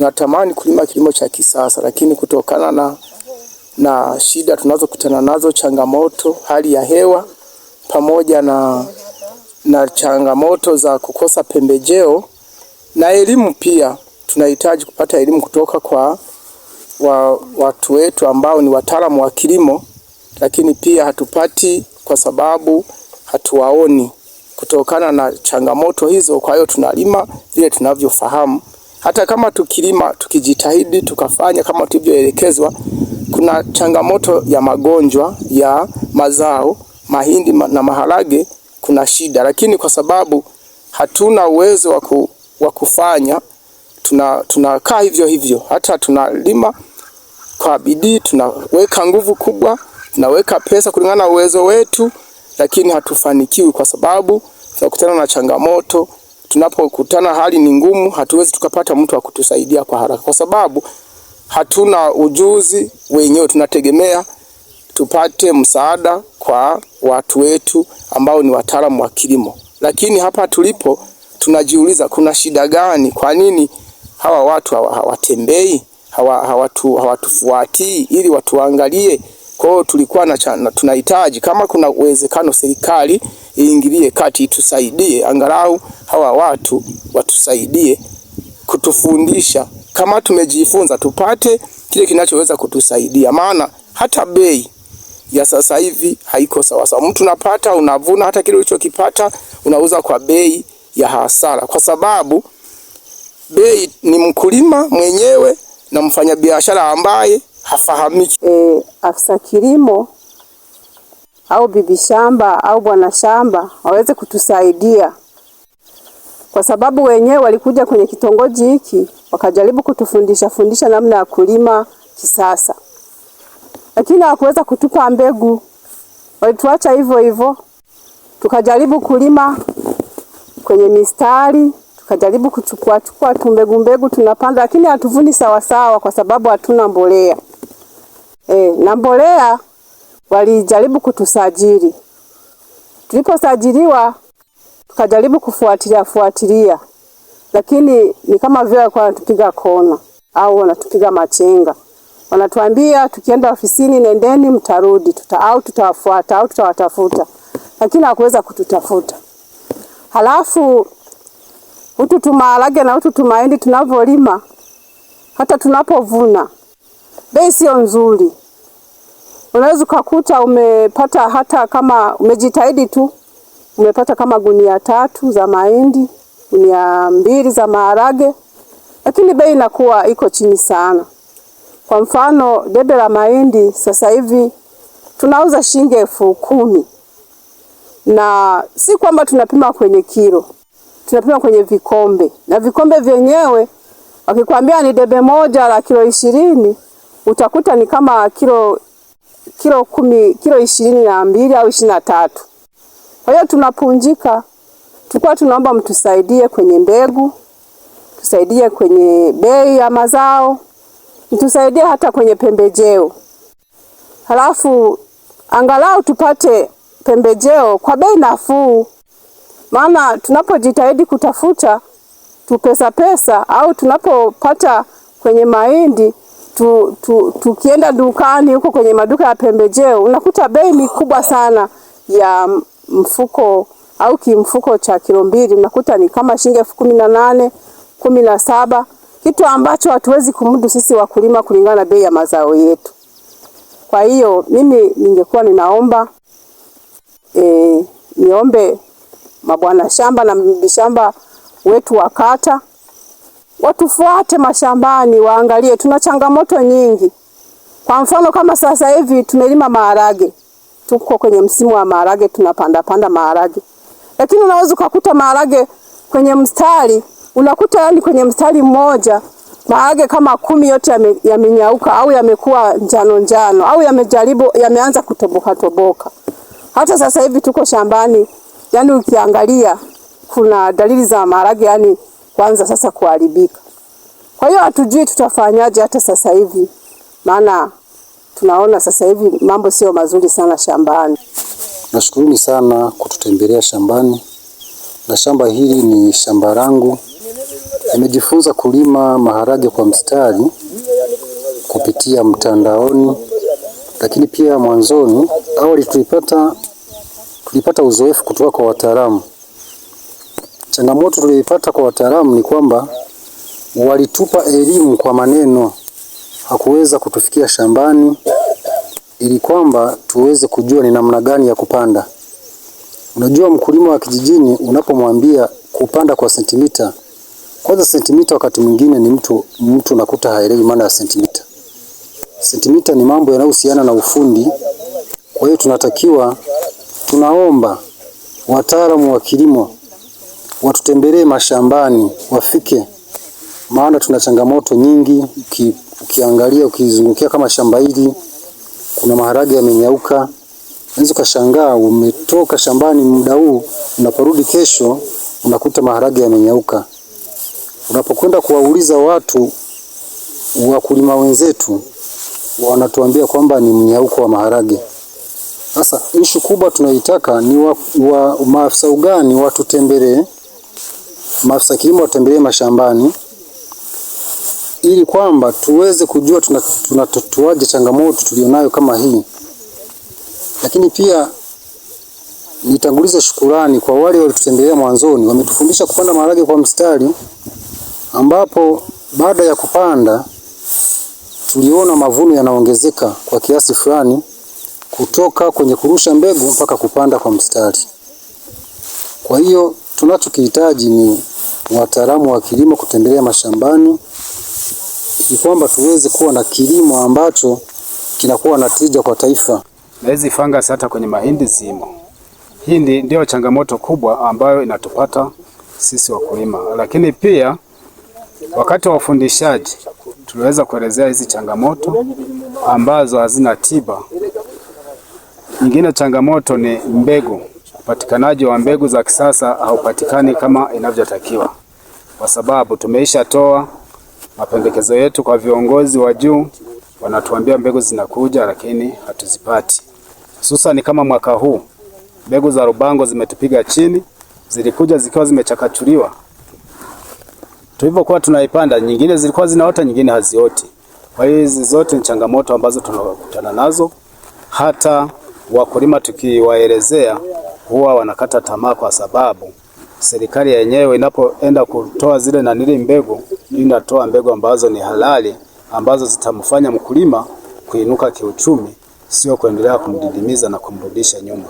tunatamani kulima kilimo cha kisasa, lakini kutokana na, na shida tunazokutana nazo, changamoto hali ya hewa pamoja na, na changamoto za kukosa pembejeo na elimu pia, tunahitaji kupata elimu kutoka kwa wa, watu wetu ambao ni wataalamu wa kilimo, lakini pia hatupati kwa sababu hatuwaoni kutokana na changamoto hizo. Kwa hiyo tunalima vile tunavyofahamu hata kama tukilima tukijitahidi tukafanya kama tulivyoelekezwa, kuna changamoto ya magonjwa ya mazao mahindi na maharage, kuna shida, lakini kwa sababu hatuna uwezo wa waku, kufanya tunakaa tuna hivyo hivyo, hata tunalima kwa bidii, tunaweka nguvu kubwa, tunaweka pesa kulingana na uwezo wetu, lakini hatufanikiwi kwa sababu tunakutana na changamoto tunapokutana hali ni ngumu, hatuwezi tukapata mtu wa kutusaidia kwa haraka, kwa sababu hatuna ujuzi wenyewe. Tunategemea tupate msaada kwa watu wetu ambao ni wataalamu wa kilimo, lakini hapa tulipo tunajiuliza kuna shida gani? Kwa nini hawa watu hawatembei, hawa hawatufuatii hawa ili watuangalie? Kwa hiyo tulikuwa na tunahitaji kama kuna uwezekano serikali iingilie kati, itusaidie angalau hawa watu watusaidie kutufundisha kama tumejifunza, tupate kile kinachoweza kutusaidia, maana hata bei ya sasa hivi haiko sawa sawa. Mtu unapata unavuna, hata kile ulichokipata unauza kwa bei ya hasara, kwa sababu bei ni mkulima mwenyewe na mfanyabiashara ambaye hafahamiki. E, afisa kilimo au bibi shamba au bwana shamba waweze kutusaidia, kwa sababu wenyewe walikuja kwenye kitongoji hiki wakajaribu kutufundisha fundisha namna ya kulima kisasa, lakini hawakuweza kutupa mbegu, walituacha hivyo hivyo. Tukajaribu kulima kwenye mistari, tukajaribu kuchukua chukua tumbegu mbegu tunapanda, lakini hatuvuni sawasawa, kwa sababu hatuna mbolea e, na mbolea walijaribu kutusajili. Tuliposajiliwa tukajaribu kufuatilia fuatilia, lakini ni kama vile walikuwa wanatupiga kona au wanatupiga machenga. Wanatuambia tukienda ofisini, nendeni mtarudi, tuta au tutawafuata au tutawatafuta, lakini hakuweza kututafuta. Halafu hutu tumaharage na hutu tumaindi tunavyolima, hata tunapovuna bei sio nzuri Unaweza ukakuta umepata hata kama umejitahidi tu umepata kama gunia tatu za mahindi, gunia mbili za maharage, lakini bei inakuwa iko chini sana. Kwa mfano debe la mahindi sasa hivi tunauza shilingi elfu kumi na si kwamba tunapima kwenye kilo, tunapima kwenye vikombe, na vikombe vyenyewe wakikwambia ni debe moja la kilo ishirini utakuta ni kama kilo kilo kumi, kilo ishirini na mbili au ishirini na tatu. Kwa hiyo tunapunjika. Tulikuwa tunaomba mtusaidie kwenye mbegu, tusaidie kwenye bei ya mazao, mtusaidie hata kwenye pembejeo, halafu angalau tupate pembejeo kwa bei nafuu, maana tunapojitahidi kutafuta tupesa pesa au tunapopata kwenye mahindi tu, tu, tukienda dukani huko kwenye maduka ya pembejeo unakuta bei ni kubwa sana ya mfuko au kimfuko cha kilo mbili unakuta ni kama shilingi elfu kumi na nane kumi na saba kitu ambacho hatuwezi kumudu sisi wakulima kulingana na bei ya mazao yetu. Kwa hiyo mimi ningekuwa ninaomba e, niombe mabwana shamba na mbishamba wetu wa kata watufuate mashambani waangalie, tuna changamoto nyingi. Kwa mfano kama sasa hivi tumelima maharage, tuko kwenye msimu wa maharage, tunapanda panda maharage, lakini unaweza ukakuta maharage kwenye mstari, unakuta yani kwenye mstari mmoja maharage kama kumi yote yamenyauka, yame au yamekuwa njano njano, au yamejaribu yameanza kutoboka toboka. Hata sasa hivi tuko shambani, yani ukiangalia kuna dalili za maharage yani kuanza sasa kuharibika. Kwa hiyo hatujui tutafanyaje hata sasa hivi, maana tunaona sasa hivi mambo sio mazuri sana shambani. Nashukuruni sana kututembelea shambani, na shamba hili ni shamba langu. Nimejifunza kulima maharage kwa mstari kupitia mtandaoni, lakini pia mwanzoni, awali tulipata tulipata uzoefu kutoka kwa wataalamu Changamoto tuliyoipata kwa wataalamu ni kwamba walitupa elimu kwa maneno, hakuweza kutufikia shambani ili kwamba tuweze kujua ni namna gani ya kupanda. Unajua, mkulima wa kijijini unapomwambia kupanda kwa sentimita, kwanza sentimita, wakati mwingine ni mtu mtu nakuta haelewi maana ya sentimita. Sentimita ni mambo yanayohusiana na ufundi. Kwa hiyo tunatakiwa, tunaomba wataalamu wa kilimo watutembelee mashambani wafike, maana tuna changamoto nyingi. Uki, ukiangalia ukizungukia kama shamba hili kuna maharage yamenyauka, unaweza ukashangaa umetoka shambani muda huu, unaporudi kesho unakuta maharage yamenyauka. Unapokwenda kuwauliza watu wakulima wenzetu wanatuambia kwamba ni mnyauko wa maharage. Sasa ishu kubwa tunaitaka ni wa, wa maafisa ugani watutembelee maafisa kilimo watembelee mashambani ili kwamba tuweze kujua tunatatuaje changamoto tulionayo kama hii. Lakini pia nitangulize shukurani kwa wale walitutembelea mwanzoni, wametufundisha kupanda maharage kwa mstari, ambapo baada ya kupanda tuliona mavuno yanaongezeka kwa kiasi fulani kutoka kwenye kurusha mbegu mpaka kupanda kwa mstari. Kwa hiyo tunachokihitaji ni wataalamu wa kilimo kutembelea mashambani ni kwamba tuweze kuwa na kilimo ambacho kinakuwa na tija kwa taifa. Na hizi fangasi hata kwenye mahindi zimo. Hii ndio changamoto kubwa ambayo inatupata sisi wakulima, lakini pia wakati wa ufundishaji tuliweza kuelezea hizi changamoto ambazo hazina tiba. Nyingine changamoto ni mbegu, upatikanaji wa mbegu za kisasa haupatikani kama inavyotakiwa kwa sababu tumeishatoa mapendekezo yetu kwa viongozi wa juu. Wanatuambia mbegu zinakuja, lakini hatuzipati, hususani kama mwaka huu mbegu za rubango zimetupiga chini. Zilikuja zikiwa zimechakachuliwa, tulivyokuwa tunaipanda, nyingine zilikuwa zinaota, nyingine hazioti. Kwa hiyo hizi zote ni changamoto ambazo tunakutana nazo, hata wakulima tukiwaelezea huwa wanakata tamaa, kwa sababu serikali yenyewe inapoenda kutoa zile nanili mbegu, inatoa mbegu ambazo ni halali, ambazo zitamfanya mkulima kuinuka kiuchumi, sio kuendelea kumdidimiza na kumrudisha nyuma.